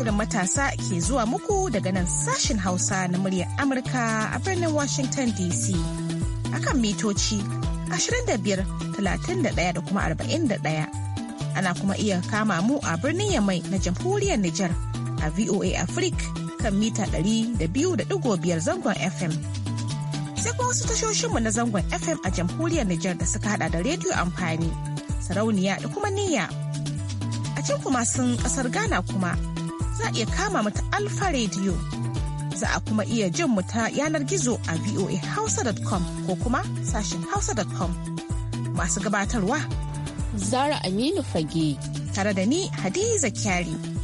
shirin matasa ke zuwa muku daga nan sashen Hausa na muryar Amurka a birnin Washington DC. Akan mitoci 25,31 da kuma 41. Ana kuma iya kama mu a birnin Yamai na jamhuriyar Nijar a VOA Africa kan mita 200.5 zangon FM. Sai kuma wasu tashoshinmu na zangon FM a jamhuriyar Nijar da suka hada da rediyo amfani, sarauniya da kuma niyya. a cin kuma sun kasar Ghana kuma za a iya kama mata Alfa Radio. Za a kuma iya jin mu ta yanar gizo a voahausa.com ko kuma sashen hausa.com. Masu gabatarwa. Zara Aminu Fage. Tare da ni Hadiza Kyari.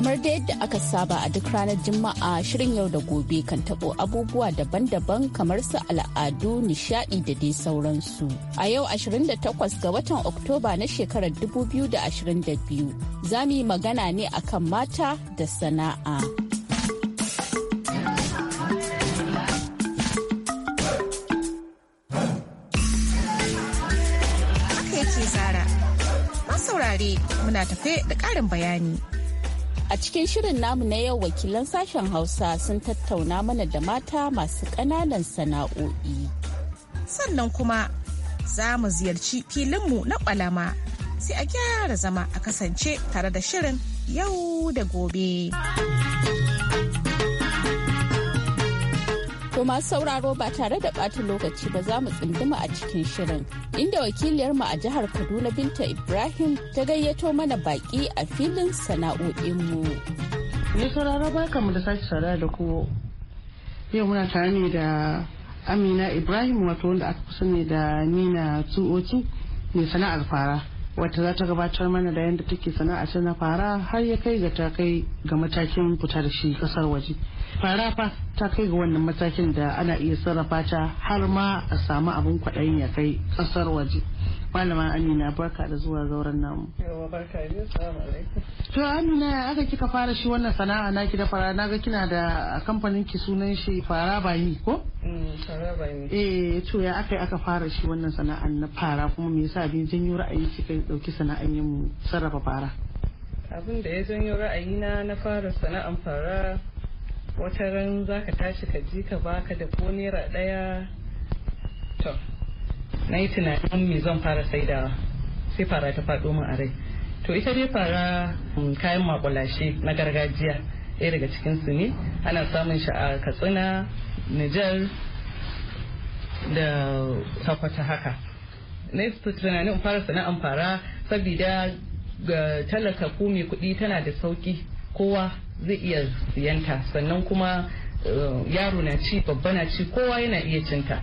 kamar da yadda aka saba a duk ranar juma'a shirin yau da gobe kan tabo abubuwa daban-daban kamar su al'adu nishadi da dai sauransu a yau 28 ga watan oktoba na shekarar 2022 za mu yi magana ne akan mata da sana'a. muna tafe da ƙarin bayani. A cikin shirin namu na yau wakilan sashen Hausa sun tattauna mana da mata masu ƙananan sana'o'i. Sannan kuma za mu ziyarci filinmu na ƙwalama sai a gyara zama a kasance tare da shirin yau da gobe. To masu sauraro ba tare da ɓata lokaci ba za mu tsinduma a cikin shirin. Inda wakiliyarmu a jihar Kaduna Binta Ibrahim ta gayyato mana baƙi a filin sana'o'inmu. Ni sauraro ka mu da sake saurara da ku. Yau muna tare ne da Amina Ibrahim wato wanda aka fi sani da Nina Tuoci mai sana'ar fara. Wata za ta gabatar mana da yadda take sana'a ta na fara har ya kai ga ta kai ga matakin fita da shi kasar waje fara fa ta kai ga wannan matakin da ana iya sarrafa ta har ma a samu abin kwaɗayin ya kai kasar waje malama amina barka da zuwa zauren namu to amina aka kika fara shi wannan sana'a na ki da fara na ga kina da kamfanin ki sunan shi fara bayi ko mm, eh to ya aka aka fara shi wannan sana'an na fara kuma me yasa bin janyo ra'ayi kika dauki sana'an yin sarrafa fara abin da ya janyo ra'ayi na fara sana'an fara wata ran zaka tashi ka ji ka baka da ko naira daya na yi tunanin me zan fara saidawa sai fara ta faɗo min a rai to ita dai fara mm, kayan makulashe na gargajiya ɗaya daga cikin su ne ana samun shi a katsina nijar da takwata haka na yi tunanin fara sana'an fara saboda ga talaka ko mai kuɗi tana da sauki kowa zai iya siyanta sannan kuma eh, yaro na ci babba na ci kowa yana iya cinta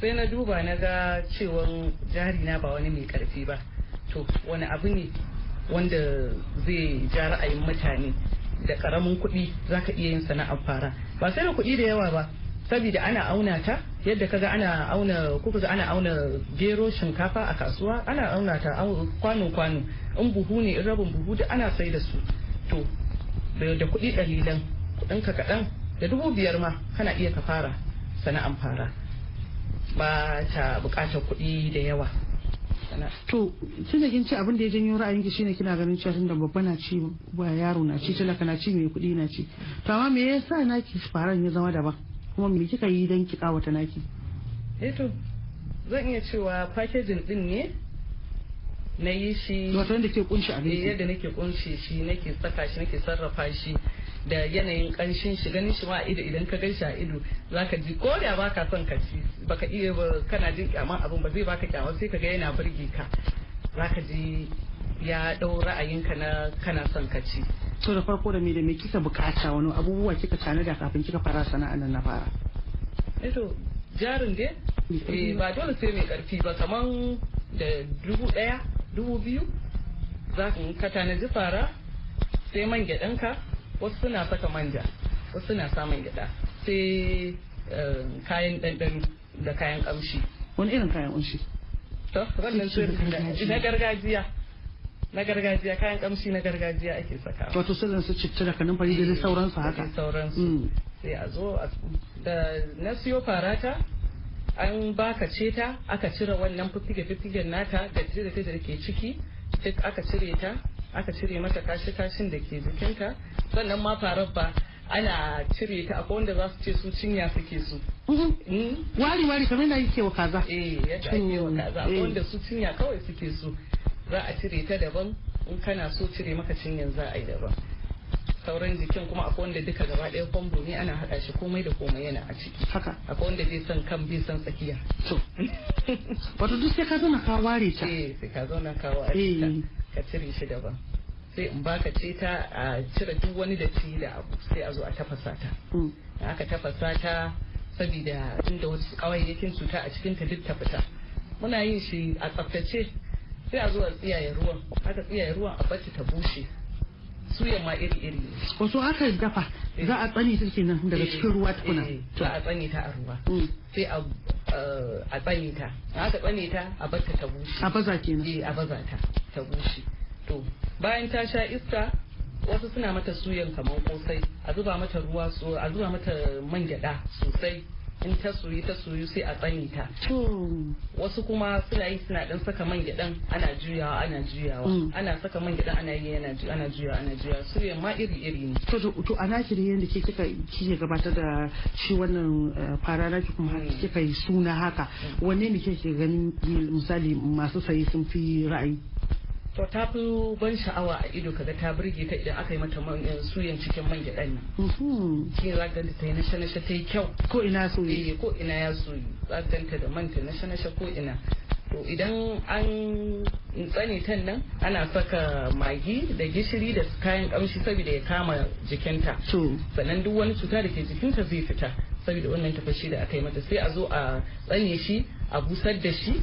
sai na duba na ga cewan jari na ba wani mai karfi ba to wani abu ne wanda zai ja ra'ayin mutane da karamin kuɗi za ka iya yin sana'ar fara ba sai da kuɗi da yawa ba saboda ana auna ta yadda ga ana auna kuka ana auna gero shinkafa a kasuwa ana auna ta kwano kwano in buhu ne in rabin buhu da ana sai da su to da kuɗi dalilan kuɗin ka kaɗan da dubu biyar ma kana iya ka fara sana'an fara ba ta bukatar kuɗi da yawa to tun da abin da ya janyo ra'ayin ki shine kina ganin cewa tunda babba na ci ba yaro na ci talaka na ci mai kuɗi na ci to amma me yasa naki faran ya zama daban kuma me kika yi don ki kawata naki eh to zan iya cewa packaging din ne na yi shi wato yadda ke kunshi abinci eh, yadda nake kunshi shi nake tsaka shi nake sarrafa shi da yanayin kanshin shi ganin shi ma ido idan ka gan a ido ka ji ko da baka son ka ci baka iya kana jin kyama abin ba zai baka kyama sai ka ga yana burge ka za ka ji ya dau ra'ayinka na kana son ka ci. To da farko da me da me kika bukata wani abubuwa kika da kafin kika fara sana'an nan na fara? ido eh jarin dai eh ba dole sai mai karfi ba kaman da dubu daya dubu biyu za ka tanadi fara sai man gyaɗanka wasu suna saka manja wasu suna samun gyaɗa sai eh, kayan ɗanɗan da kayan ƙamshi wani irin kayan ƙamshi to wannan na gargajiya na gargajiya kayan ƙamshi na gargajiya ake saka wato sai su citta da fari da eh, sauransu haka sauransu mm. sai a zo da na siyo farata an baka ce ta aka cire wannan fiffige fiffigen nata da jira da ke ciki duk aka cire ta aka cire mata kashi kashin da ke jikinta sannan ma farar ba ana cire ta akwai wanda za su ce su cinya suke su. Mhm. Hmm? Wari wari kamar na yake wa kaza. Eh yadda ake wa hmm. kaza akwai eh. wanda su cinya kawai suke su za a cire ta daban in kana so cire maka cinyan za a yi daban. sauran jikin kuma akwai wanda duka gaba ɗaya kwambo ne ana haɗa shi komai da komai yana a ciki haka akwai wanda bai san kan bai san tsakiya to wato duk sai ka zauna ka ware ta eh sai ka zauna ka ware ta eh. ka cire shi daban sai in baka ce ta a cire duk wani da ci da abu sai a zo a tafasa ta da mm. aka tafasa ta saboda inda wasu kawayyakin cuta a cikin ta duk ta fita muna yin shi a tsaftace sai a zo a tsiyaye ruwan aka tsiyaye ruwan a bace ta bushe suyan ma iri iri wasu aka dafa eh. za a tsani ta kenan daga eh. cikin ruwa tukuna eh, to a tsani ta a ruwa mm. sai a tsani ta a aka tsani ta a bata ta bushe a baza kenan eh a baza ta ta bushe to bayan ta sha iska wasu suna mata suyan kamar kosai a zuba mata ruwa a zuba mata man gyada sosai in ta soyu ta soyu sai a tsani ta wasu kuma suna yi suna dan saka man gyaɗan ana juyawa ana juyawa mm. ana saka man gyaɗan ana yi ana juyawa ana juyawa suya ma iri iri ne to a naki da yadda ke kika kike gabatar da shi wannan eh, fara naki kuma mm. kika yi suna haka mm. wanne ne kike ganin misali masu sayi sun fi ra'ayi to ta fi ban sha'awa a ido kaga ta burge ta idan aka yi mata eh, suyan cikin man gyaɗan nan mm-hmm. shi za ka ta yi nasha nasha ta yi kyau ko ina soyi eh, ko ina ya soyi za ka da manta nasha nasha ko ina to idan an tsane tan nan ana saka magi da gishiri da kayan kamshi saboda ya kama jikinta sannan duk wani cuta da ke jikinta zai fita saboda wannan tafashi da aka yi mata sai a zo a tsane shi a busar da shi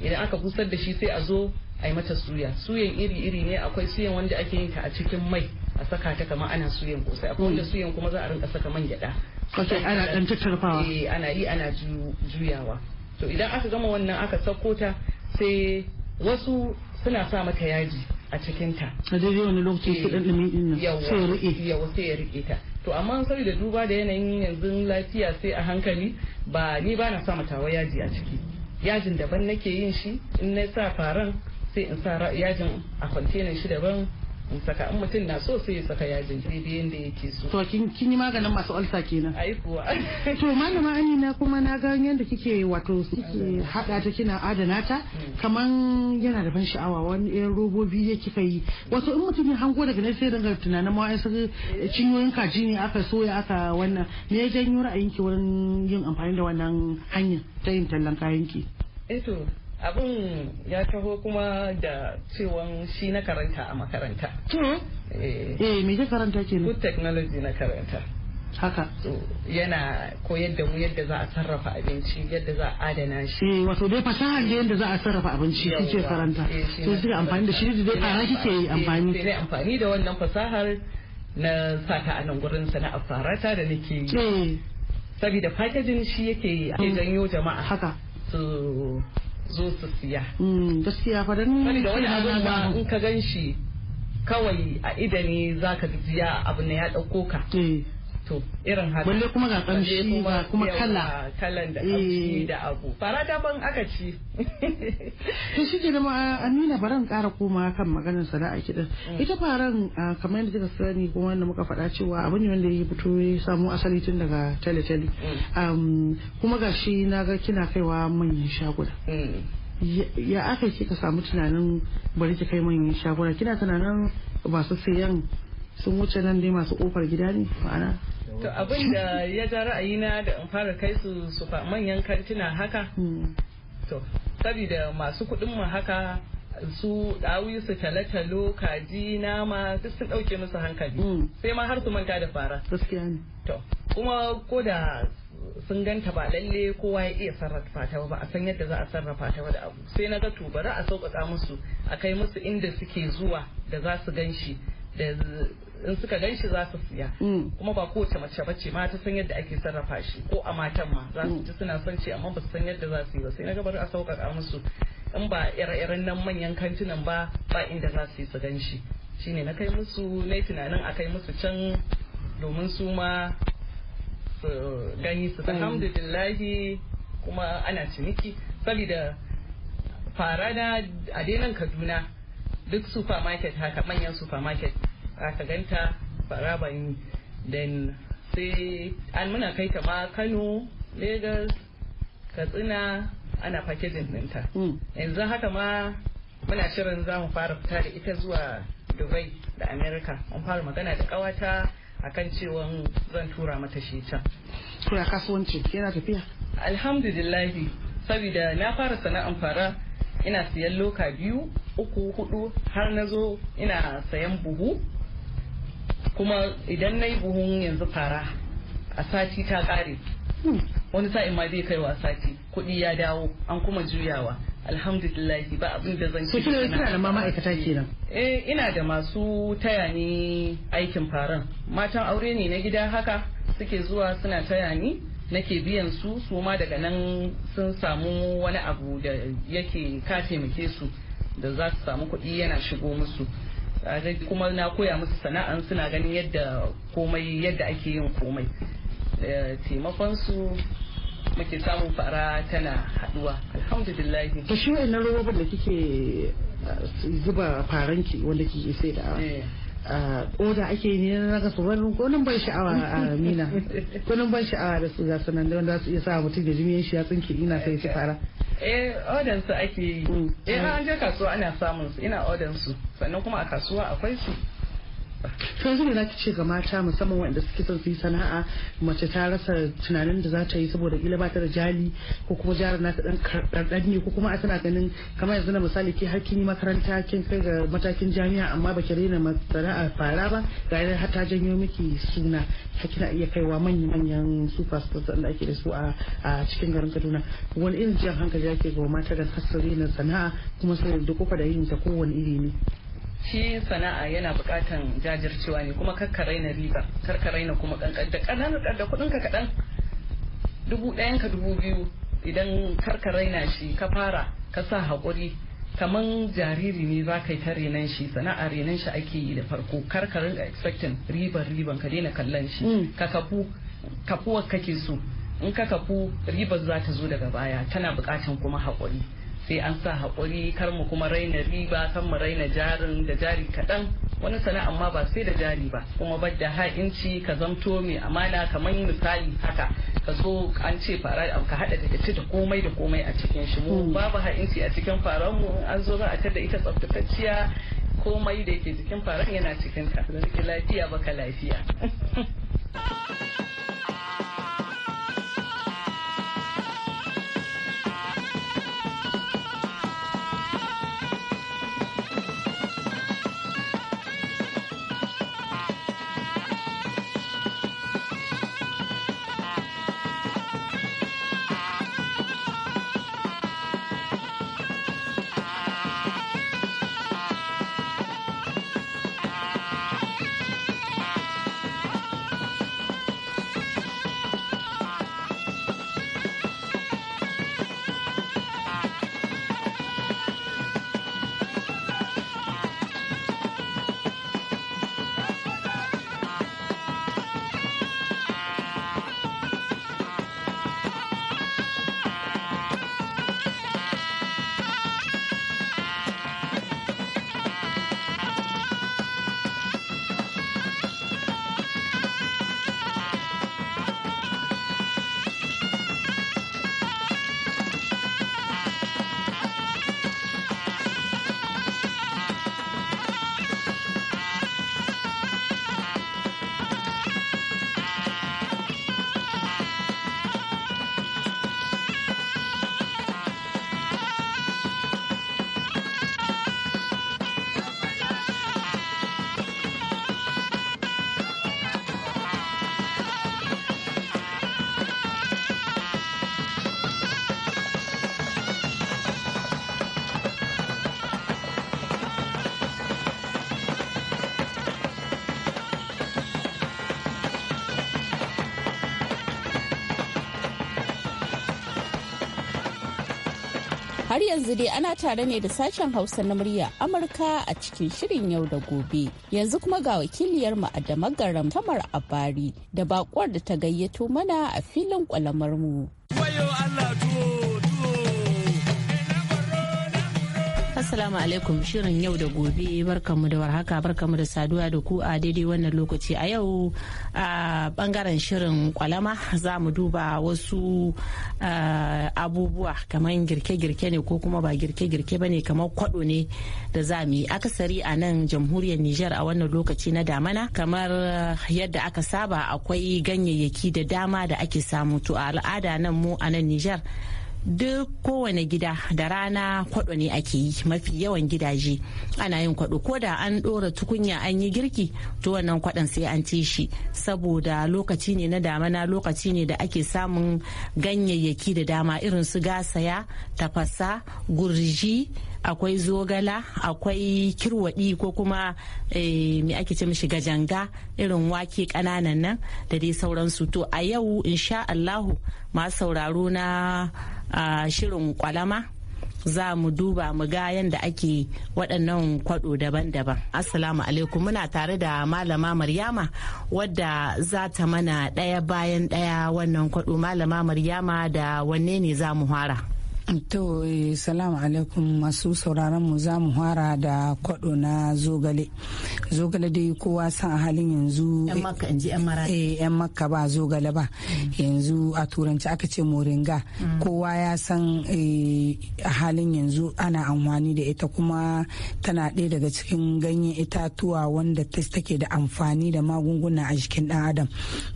idan aka busar da shi sai a zo a yi mata suya suyan iri-iri ne akwai suyan wanda ake yin ta a cikin mai a saka ta kamar ana suyan kosai akwai wanda mm. suyan kuma za a rinka saka man gyada ok ana dan tattarfawa eh ana yi ana juyawa to idan aka gama wannan aka sako ta sai wasu suna sa mata yaji a cikin ta a daidai wani lokaci eh, su dan dumin din nan sai rike yawa sai ya rike ta to amma da duba da yanayin yanzu lafiya sai a hankali ba ni ba na sa mata yaji a ciki yajin daban nake yin shi in na sa faran sai in sa yajin a kwantenan shi daban in saka in mutum na so sai ya saka yajin daidai yadda yake so. To kin yi maganin masu alsa kenan. Ai kuwa. to malama Amina kuma na ga yadda kike wato kike hada ta kina adana ta hmm. kaman yana da ban sha'awa wani irin robobi ya kika yi wato in mutum ya hango daga nan sai dinga tunanin ma wasu cinyoyin kaji ne aka soya aka wannan me ya janyo ra'ayinki wurin yin amfani da wannan hanya ta yin tallan kayanki. ki eh abin ya taho kuma da cewan shi na karanta a makaranta eh. eh me ke karanta ke food technology na karanta haka yana koyar da mu yadda za a sarrafa abinci yadda za a adana shi eh, wato dai fasahar da yadda za a sarrafa abinci kike karanta eh, to ne. amfani da shi da dai fara kike yi amfani sai amfani da wannan fasahar na sata a nan gurin sana'ar farata da nake yi saboda fakajin shi yake janyo jama'a haka zo su siya. Gaskiya mm, fa dan da wani abin ba in ka gan shi kawai a idani zaka ji abu na ya ɗauko ka. Eh. to irin haka balle kuma ga kamshi ga kuma kala kalan da kamshi eh. da abu fara ban aka ci to shi ke ma Amina baran kara koma kan maganar sana'a kiɗan mm. ita faran kamar yadda kika sani kuma wanda muka faɗa cewa abu ne wanda ya fito ya samu asali tun daga tele tele mm. kuma ga shi na ga kina kaiwa manyan shaguna mm. ya aka kika samu tunanin bari ki kai manyan shaguna kina tunanin masu sayan sun wuce nan dai masu kofar gida ne ma'ana to abin da ya ja ra'ayina da in fara kai su su manyan kantina haka hmm. to saboda masu kuɗin mu haka su dawi su talo-talo kaji nama duk sun ɗauke musu hankali hmm. sai ma har su manta da fara gaskiya ne to kuma ko da sun ganta ba lalle kowa ya iya sarrafa ta ba a san yadda za a sarrafa ta da abu sai na ga to bari a sauƙaƙa musu a kai musu inda suke zuwa da za su gan shi da in suka gan shi za su siya mm. kuma ba kowace mace bace ma ta san yadda ake sarrafa shi ko a matan ma za su ci mm. suna son ci amma ba su san yadda za su yi ba sai na gabar a sauƙaƙa musu in ba ire-iren nan manyan kantinan ba ba inda za su yi su gan shi shine na kai musu na yi tunanin a kai musu can domin su ma su gani su mm. hamdulillahi kuma ana ciniki saboda fara na a denan kaduna duk supermarket haka manyan supermarket aka ganta faraban dan sai an muna kai ta ma kano lagos katsina ana packaging ɗinta hmm. yanzu haka ma muna shirin za mu fara fita da ita zuwa dubai da america an fara magana da kawata akan cewa zan tura mata shi can tura kasuwanci yana tafiya alhamdulillahi saboda na fara sana'an fara ina siyan loka biyu uku hudu har na zo ina sayan buhu kuma idan na yi buhun yanzu fara a sati ta kare hmm. wani sa'in ma zai kaiwa sati kuɗi ya dawo an kuma juyawa alhamdulillah ba abin da zan ce kina da ma ma'aikata kenan eh ina da masu taya aikin faran matan aure ne na gida haka suke zuwa suna taya ni nake biyan su su ma daga nan sun samu wani abu da yake ka taimake su da za su samu kuɗi yana shigo musu kuma na koya musu sana'an suna ganin yadda komai yadda ake yin komai eh, taimakon su muke samun fara tana haduwa alhamdulillah to shi wa'annan robobin da kike eh, zuba faranki wanda kike sai da eh. oda ake yi na ga su wani gonin ban sha'awa a mina gonin ban sha'awa da su gasu nan da wanda su iya sa mutum da jimiyan shi ya tsinke ina sai su fara eh odan su ake yi mm. eh an je kasuwa ana samun su ina odan su sannan kuma a kasuwa akwai su to yanzu me zaki ce ga mata musamman waɗanda suke son su yi sana'a mace ta rasa tunanin da za ta yi saboda kila ba ta da jali ko kuma jarin nata dan karɗan ne ko kuma a tana ganin kamar yanzu na misali ke har kin makaranta kin kai ga matakin jami'a amma baki rena sana'a fara ba ga har ta janyo miki suna kina iya kaiwa manya-manyan superstars da ake da su a cikin garin Kaduna wani irin jan hankali ake ga mata da kasar na sana'a kuma sai da kofa da yin ta kowane iri ne shi sana'a yana bukatan jajircewa ne kuma kakka raina riba karka raina kuma kankan da kanan da kudin ka kadan dubu ɗayan ka dubu biyu idan karka raina shi ka fara ka sa haƙuri kaman jariri ne za ka yi ta renan shi sana'a renan shi ake yi da farko karka rinka expecting riban riban ka daina kallon shi mm. ka kafu kafuwar kake so in ka kafu ribar za ta zo daga baya tana bukatan kuma hakuri. sai an sa haƙuri kar mu kuma raina riba kan mu raina jarin da jari kaɗan wani sana'a ma ba sai da jari ba kuma ba da ha'inci ka zamto mai amana kamar misali haka ka zo an ce fara ka haɗa da ci da komai da komai a cikin shi mu hmm. babu ha'inci a cikin faran mu an zo za a tada ita tsaftatacciya komai da yake cikin faran yana cikin ta lafiya baka lafiya Har yanzu dai ana tare ne da sashen Hausa na murya Amurka a cikin shirin yau da gobe. Yanzu kuma ga wakiliyar mu a Damagaram Tamar Abari da bakuwar da ta gayyato mana a filin kwalamar mu. Assalamu alaikum shirin yau da gobe barkanmu da warhaka barkanmu da saduwa da ku a daidai wannan lokaci a yau a bangaren shirin kwalama za mu duba wasu abubuwa kamar girke-girke ne ko kuma ba girke-girke ba ne kamar kwado ne da za mu yi akasari a nan jamhuriyar Nijar a wannan lokaci na damana kamar yadda aka saba akwai ganyayyaki da dama da ake samu to a al'ada nan mu a nan Nijar duk kowane gida da rana kwaɗo ne ake yi mafi yawan gidaje ana yin kwaɗo ko da an ɗora tukunya an yi girki to wannan kwaɗon sai an ci shi saboda lokaci ne na damana lokaci ne da ake samun ganyayyaki da dama irin su gasaya tafasa gurji akwai zogala akwai kirwaɗi ko kuma eh, me ake ce mishi gajanga irin wake ƙananan nan da dai sauransu to a yau insha allahu masu sauraro na shirin kwalama za mu duba mu ga yadda ake waɗannan kwaɗo daban-daban. Assalamu alaikum muna tare da malama Maryama wadda za ta mana ɗaya bayan ɗaya wannan kwaɗo malama Maryama da wanne ne za mu hara. To, eh, salamu alaikum masu sauraron mu za mu fara da kwado na zogale. Zogale dai kowa san a halin yanzu. Yan makka eh, ba zogale ba. Yanzu a turanci aka ce moringa. Mm. Kowa ya san eh, a halin yanzu ana amfani da ita kuma tana ɗaya daga cikin ganyen itatuwa wanda take da amfani da magunguna a jikin ɗan adam.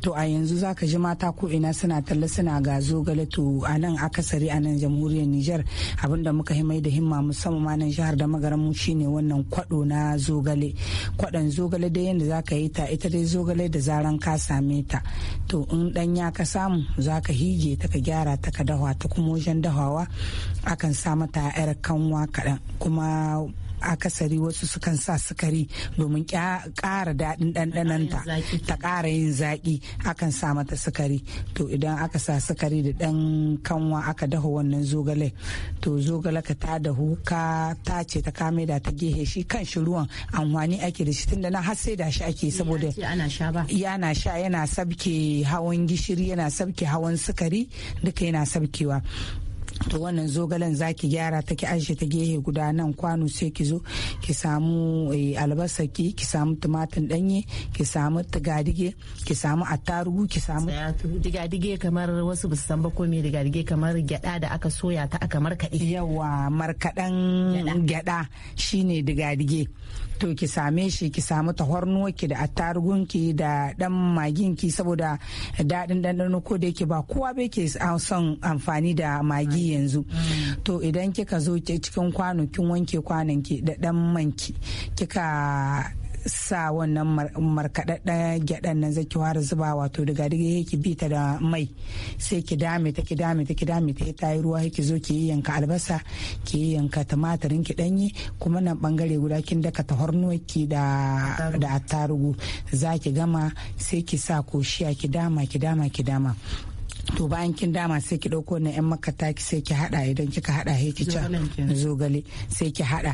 To a yanzu za ka ji mata ko ina suna talla suna ga zogale to a nan akasari a nan jamhuriyar jamhuriyar Nijar abinda muka himai da himma musamman ma nan jihar da magaramu shine wannan kwado na zogale kwadon zogale dai yadda za ka yi ta ita dai zogale da zaran ka same ta to in ya ka samu za ka hige ta ka gyara ta ka dahwa ta kuma wajen dahawa akan sa mata yar kanwa kaɗan kuma akasari wasu sukan sa sukari domin ƙara daɗin ɗanɗanonta ta ƙara yin zaƙi akan sa mata sukari to idan aka sa sukari da ɗan kanwa aka daho wannan zogale to zogale ka ta dahu ka ta ce ta kame da ta gehe shi kan shi ruwan amfani ake da shi tunda na har sai da shi ake saboda yana sha yana sabke hawan gishiri yana sabke hawan sukari duka yana sabkewa to wannan zogalen za ki gyara ta ki ajiye ta gehe guda nan kwano sai ki zo ki samu eh, albasa ki samu tumatir danye ki samu digadige ki samu attarugu ki samu digadige kamar wasu ba san ba ko me digadige kamar gyada da aka soya ta aka markade yawa markadan gyada shine digadige to ki same shi ki samu ki da attarugunki da dan maginki saboda daɗin ɗanɗano ko da yake ba kowa bai ke son amfani da magi yanzu mm. to idan kika zo cikin kwano kin wanke kwanonki ki da dan manki kika sa wannan markaɗaɗɗen gyaɗan nan zaki fara zuba wato daga daga ki bi ta da mai sai ki dame ta ki dame ta ki dame ta ta yi ruwa ki zo ki yanka albasa ki yanka tumatirin ki ɗanye kuma nan bangare guda kin daka tahornuwar ki da da attarugu za ki gama sai ki sa koshiya ki dama ki dama ki dama to bayan kin dama sai ki dauko na yan makata ki sai ki hada idan kika hada he ki zogale sai ki hada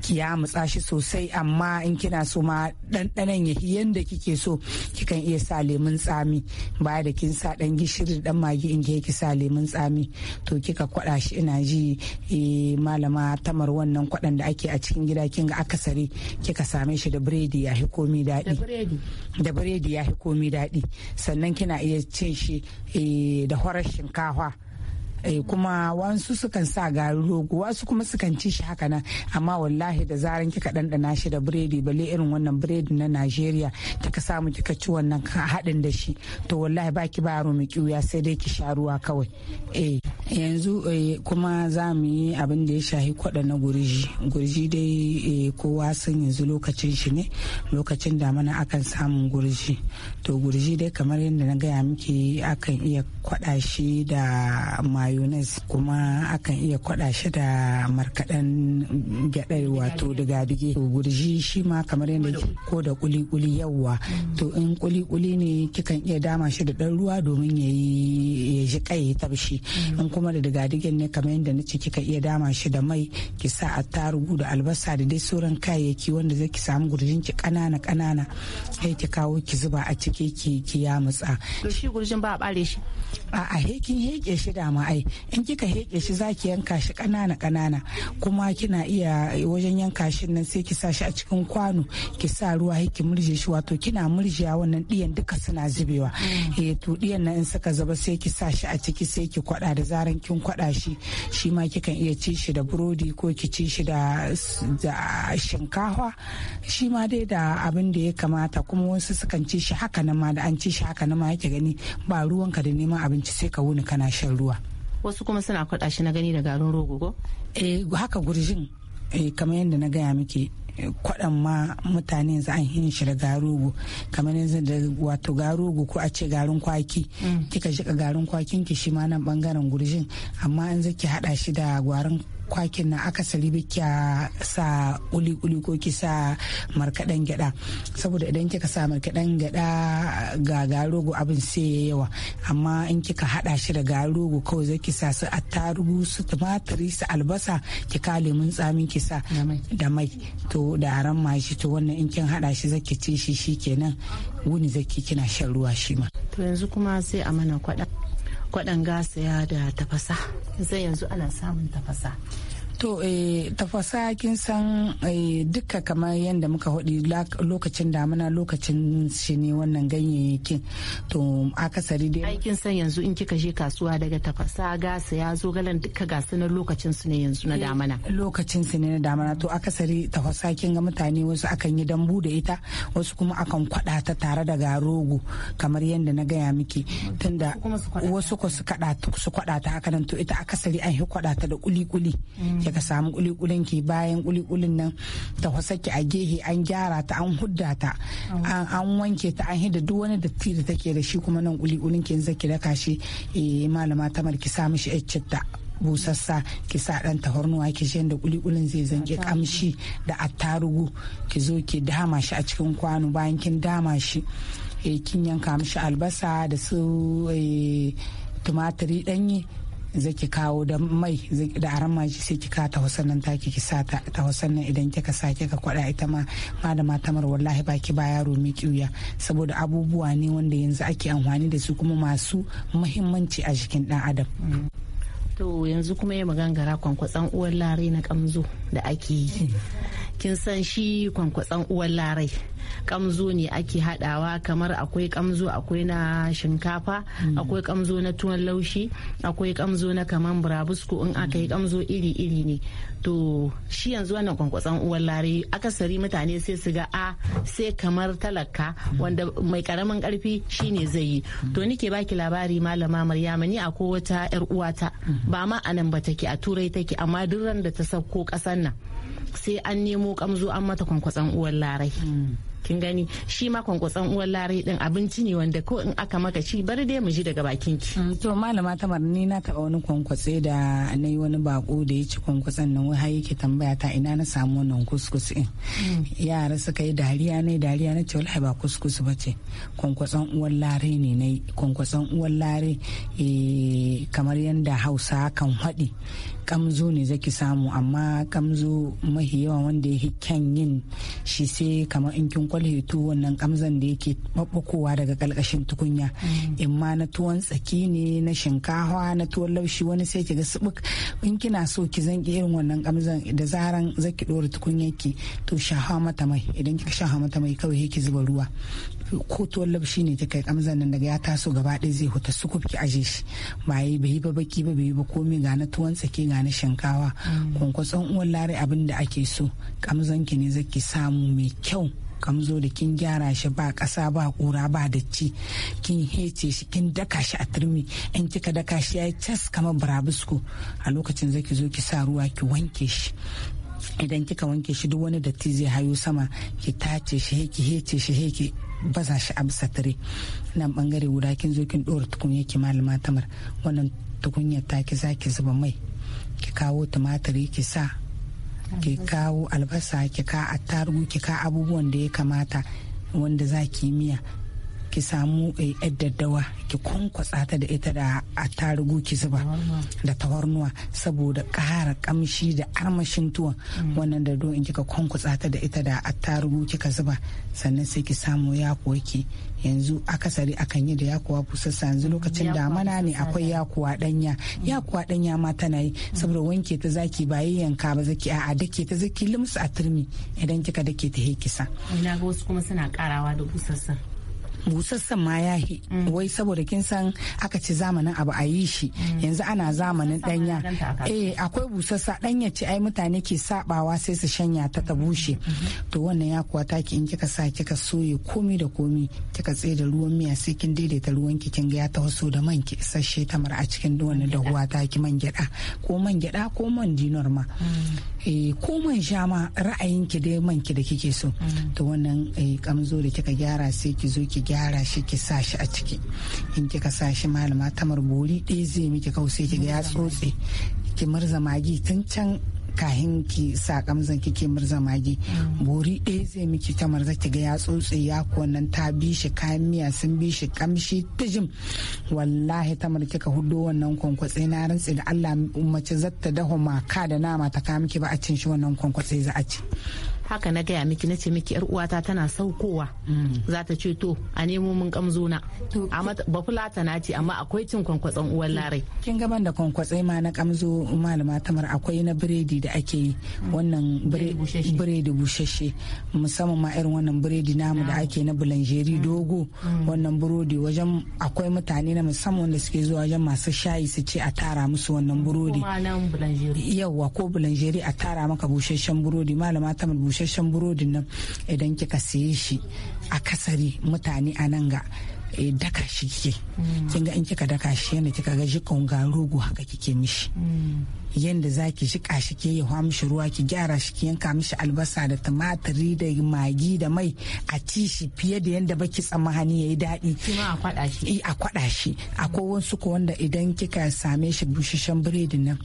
ki ya mutsa shi sosai amma in kina so ma dandanan ya yanda kike so kikan iya sa lemun tsami baya da kin sa dan gishiri dan magi in ki sa lemun tsami to kika kwada shi ina ji e, malama tamar wannan kwadan da ake a cikin gida kin ga akasari kika same shi da biredi ya hi komi daɗi da biredi ya hi komi daɗi sannan kina iya cin shi Eh, da farar shinkafa eh, kuma wasu sukan sa garin rogo wasu kuma sukan ci shi haka nan amma wallahi da zaran kika ɗanɗana shi da biredi bale irin wannan biredi na Najeriya kika samu kika ci wannan haɗin da shi to wallahi baki ba yaro mai kiyuya sai dai ki sha ruwa kawai eh yanzu eh, kuma za mu yi abin da ya shahi kwaɗa na gurji gurji dai eh, kowa sun yanzu lokacin shi ne lokacin damana akan samun gurji to gurji dai kamar yadda na gaya miki akan iya kwaɗa shi da mayu. mayones kuma akan iya kwada shi da markaɗen gyaɗa wato daga dige gurji shi ma kamar yadda ko da kuli kuli yawwa to in kuli kuli ne kikan iya dama shi da ɗan ruwa domin ya yi ya ji kai tabshi in kuma da diga digen ne kamar yadda nace kika iya dama shi da mai ki sa attarugu da albasa da dai sauran kayayyaki wanda zai ki samu gurjin ki kanana kanana sai ki kawo ki zuba a ciki ki ki ya mutsa to shi gurjin ba a bare shi a a hekin heke shi da ma in kika heke shi za ki yanka shi kanana ƙanana kuma kina iya wajen yanka shi nan sai ki sa shi a cikin kwano ki sa ruwa ki murje shi wato kina murjiya wannan ɗiyan duka suna zubewa mm. eh to ɗiyan nan in suka zuba sai ki sa shi a ciki sai ki kwada da zaran kin kwada shi shi ma kikan iya ci shi da burodi ko ki ci shi da shinkafa shi ma dai da abin da ya kamata kuma wasu sukan ci shi haka nan ma da an ci shi haka nan ma yake gani ba ruwanka da neman abinci sai ka wuni kana shan ruwa. wasu kuma suna kwaɗa shi na gani da garin rogo eh haka gurjin eh kamar yadda na gaya miki eh, kwaɗan ma mutane za an yin shi da garugu kamar yanzu da wato garugu ko a ce garin kwaki mm. kika shiga garin kwakin ki shi ma nan bangaren gurjin amma an zaki hada shi da gwarin kwakin na aka akasari bikya sa uli-uli ko kisa markaɗan markaɗen gyaɗa saboda idan kika sa markaɗen gyaɗa ga garogo abin sai ya yawa amma in kika haɗa shi da garogo kawai zai kisa sa su attarugu su tumatiri su albasa ki ka lemun tsamin kisa da mai to da aran mashi to wannan in kin haɗa shi zaki ci shi kenan wuni zaki kina shan ruwa shi ma to yanzu kuma sai a mana kwaɗa kwaɗan gasa da tafasa zai yanzu ana samun tafasa To eh, tafasa kin san eh, duka kamar yadda muka hudu lokacin damuna lokacin shi ne wannan ganyayyakin to akasari dai. Aikin san yanzu in kika je kasuwa daga tafasa gasa ya zo galan duka gasa na lokacin su ne yanzu na eh, damuna. Lokacin su ne na damuna to akasari tafasa kin ga mutane wasu akan yi dambu da ita wasu kuma akan kwaɗa ta tare da garogo kamar yadda na gaya miki tunda wasu ko su kwaɗa ta haka nan to ita akasari an yi kwaɗa ta da kuli-kuli. Mm. ka samu kulikulin ki bayan kulikulin nan ta ki a gehe an gyara ta an hudda ta an wanke ta an hidda duk wani datti da take da shi kuma nan kulikulin ki ki raka shi eh, malama tamar ki sa mishi ta busassa ki sa dan tafarnuwa ki ji da kulikulin zai zanke kamshi da attarugu ki zo ki dama shi a cikin kwano bayan kin dama shi eh, kin yanka mishi albasa da su eh, tumatiri danye zaki kawo da mai da arama sai ki ka ta nan taki ki sa ta nan idan kika sa kika kwada ita ma malama tamar wallahi baki ba yaro mai kiyuya saboda abubuwa ne wanda yanzu ake amfani da su kuma masu muhimmanci a jikin dan adam to yanzu kuma ya magangara kwankwatsan uwar lare na kamzo da ake yi mm. kin san shi kwankwatsan uwan larai kamzo ne ake hadawa kamar akwai kamzo akwai na shinkafa mm. akwai kamzo na tuwon laushi akwai kamzo na kamar burabusko in aka yi kamzo iri-iri ne to shi yanzu wannan kwankwatsan uwar larai akasari mutane sai su ga a sai kamar talaka mm. wanda mai karamin karfi shine zai yi mm. to nike baki labari malama maryama ni akwai wata yar uwata ba ma anan ba take a turai take amma duk ran da ta sauko kasan nan sai an nemo kamzo an mata kwankwatsan uwar larai hmm. kin gani shi ma kwankwatsan uwar larai din abinci ne wanda ko in aka maka shi bar dai mu ji daga bakin ki hmm, to malama tamar ni na taba wani kwankwatse da na yi wani bako da ya ci kwankwatsan nan wai yake tambaya ta ina na samu wannan kuskus din hmm. yara suka yi dariya ne dariya na ce wallahi ba kuskus ba ce kwankwatsan uwar larai ne nayi kwankwatsan uwar larai eh, kamar yanda hausa kan haɗi kamzo ne zaki samu amma kamzo mahi yawa wanda ya kyan yin shi sai kamar in kin kwalhe to wannan kamzan da yake babbakowa daga kalkashin tukunya mm. in ma na tuwon tsaki ne na shinkawa na tuwon laushi wani sai ki ga subuk in kina so ki zanki irin wannan kamzan da zaran zaki dora tukunyar ki to shaha mata mai idan kika shaha mata mai kawai ki zuba ruwa ko labu labshi ne ta kai kamzan nan daga ya taso gaba ɗaya zai huta su kubki aje shi ba yi bai ba baki ba bai ba komai ga na tuwon tsake ga na shinkawa mm. kwankwason uwan lare abin da ake so kamzan ki ne zaki samu mai kyau kamzo da kin gyara shi ba ƙasa ba ƙura ba datti kin hece shi kin daka shi a turmi in kika daka shi ya yi cas kamar burabusko a lokacin zaki zo ki sa ruwa ki wanke shi idan kika wanke shi duk wani datti zai hayo sama ki tace shi ki hece shi ki baza shi a bisa tare nan bangare guda kin zo kin dora tukunya ki malama tamar wannan tukunya ta ki zaki zuba mai ki kawo tumatiri ki sa ki kawo albasa ki ka attarugu ki ka abubuwan da ya kamata wanda za yi miya ki samu eh, yar daddawa ki kwankwasa ta da ita da tarugu ki zuba da tawarnuwa saboda kara kamshi da armashin tuwon mm. wannan da in kika kwankwasa ta da ita da tarugu kika zuba sannan sai ki samu yakuwa ki yanzu akasari akan yi da yakuwa busassa yanzu lokacin damana ne akwai yakuwa danya mm. yakuwa danya ma tana yi mm. saboda wanke ta zaki ba yi yanka ba zaki a'a dake ta zaki limsa a turmi idan kika dake ta hekisa. Ina ga wasu kuma suna karawa da busassa. busassan ma hi mm. wai saboda kin san aka ci zamanin abu a yi shi mm. yanzu ana zamanin danya eh akwai busassa danya ce ai mutane ke sabawa sai su shanya ta ta bushe mm-hmm. Mm-hmm. to wannan ya kuwa taki in kika sa kika soye komi da komi kika tsaye da ruwan miya sai kin daidaita ruwan ki kin ga ya tawaso da man ki isasshe tamar a cikin wannan dahuwa taki man gyada ko man gyada ko man dinar ma mm. eh ko man sha ma ra'ayin ki dai man ki da kike so to wannan eh, kamzo da kika gyara sai ki zo ki gya. gyara shi ki sa shi a ciki in kika sa shi malama tamar bori ɗaya zai miki kawai sai ya tsotse ki murza magi tun can kahin ki sa kamzan kike murza magi bori ɗaya zai miki ta marza ki ga ya tsotse ya nan ta bi shi kayan miya sun bi shi kamshi tijim wallahi tamar kika hudo wannan kwankwatse na rantsi da Allah mace zata daho maka da nama ta kama ki ba a cin shi wannan kwankwatse za a ci haka na gaya miki na ce miki yar uwata tana saukowa mm. za ta ce to a nemo mun kamzona ba fulata na ce amma akwai cin kwankwatsan uwar larai kin gaban da kwankwatsai ma na kamzo malama tamar akwai na biredi da ake yi wannan biredi bushashe musamman ma irin wannan biredi namu da ake na bulanjeri mm. dogo mm. wannan burodi wajen akwai mutane na musamman da suke zuwa wajen masu shayi su ce a tara musu wannan burodi yauwa ko bulanjeri a tara maka bushashen burodi malama tamar busasshen burodin nan idan kika siye shi a kasari mutane a nan ga eh, daka shi ke mm. kin ga in kika daka shi yana kika ga jikon garugu haka kike mishi mm. yadda za ki shiƙa shi ke yawa mishi ruwa ki gyara shi ki yanka mishi albasa da tumatiri da magi da mai a ci shi fiye da yadda baki tsammani ya yi daɗi. Kima a kwaɗa shi. Eh, a kwaɗa shi. Akwai wasu ko wanda idan kika same shi busashen biredi nan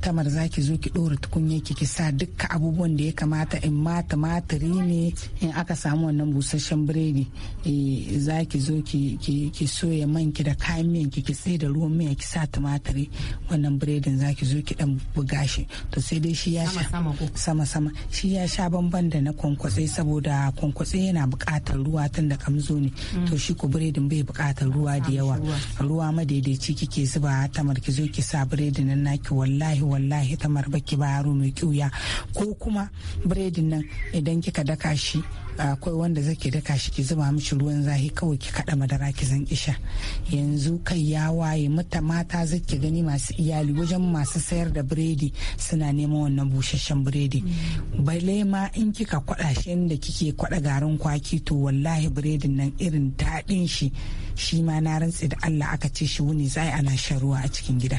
tamar za ki zo ki ɗora tukunya ki ki sa dukkan abubuwan da ya kamata in ma tumatiri ne in aka samu wannan busashen biredi eh, za ki zo ki soya man ki da kayan miyan ki ki tsaye da ruwan miya ki sa tumatiri wannan biredin za ki zo ki ɗan bubbuga shi to sai dai shi ya sha sama sama shi ya sha bamban da na kwankwatse saboda kwankwatse yana buƙatar ruwa tun da kamzo ne mm. to shi ko biredin bai buƙatar ruwa da yawa ruwa madaidaici kike zuba tamar ki zo ki sa biredin nan naki wallahi wallahi tamar baki ba yaro mai kiuya ko kuma biredin nan idan kika daka shi akwai wanda zake daka shi ki zuba mishi ruwan zahi kawai ki kada madara ki zan kisha yanzu kai ya waye mata mata zake gani masu iyali wajen masu sayar da biredi suna neman wannan busasshen biredi bale ma in kika kwada shi inda kike kwada garin kwaki to wallahi biredin nan irin daɗin shi shi ma na rantse da Allah aka ce shi wuni zai ana shan ruwa a cikin gida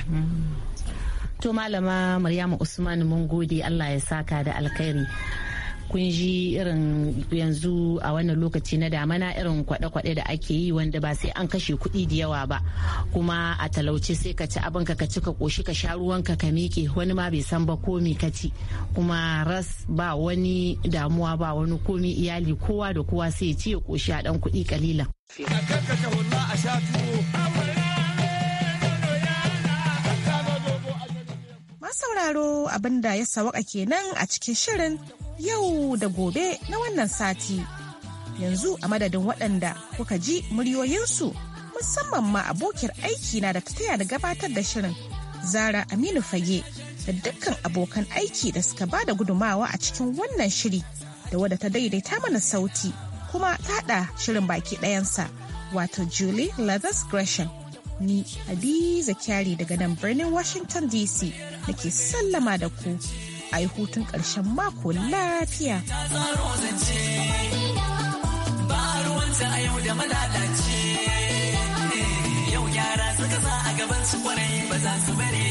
to malama Maryamu Usman mun gode Allah ya saka da alkhairi kun ji irin yanzu a wannan lokaci na damana irin kwaɗe-kwaɗe da ake yi wanda ba sai an kashe kuɗi da yawa ba kuma a talauci sai ka ci abinka ka ci ka ƙoshi ka sha ruwanka ka miƙe wani ma bai san ba komi ka ci kuma ras ba wani damuwa ba wani komi iyali kowa da kowa sai ya ci ya ƙoshi a ɗan kuɗi ƙalilan. sauraro sauraro abinda ya sawaka kenan a cikin shirin yau da gobe na wannan sati. Yanzu a madadin waɗanda kuka ji muryoyinsu musamman ma abokin aiki na da ta taya da gabatar da shirin Zara Aminu Fage da dukkan abokan aiki da suka ba da gudumawa a cikin wannan shiri da wadda ta daidaita mana sauti kuma ta haɗa shirin baki ɗayansa wato Julie Lathers Gresham. ni Hadiza Kyari daga nan birnin Washington DC da ke sallama da ku a yi hutun ƙarshen mako lafiya. Yau yara suka sa a gaban su kwarai ba za su bari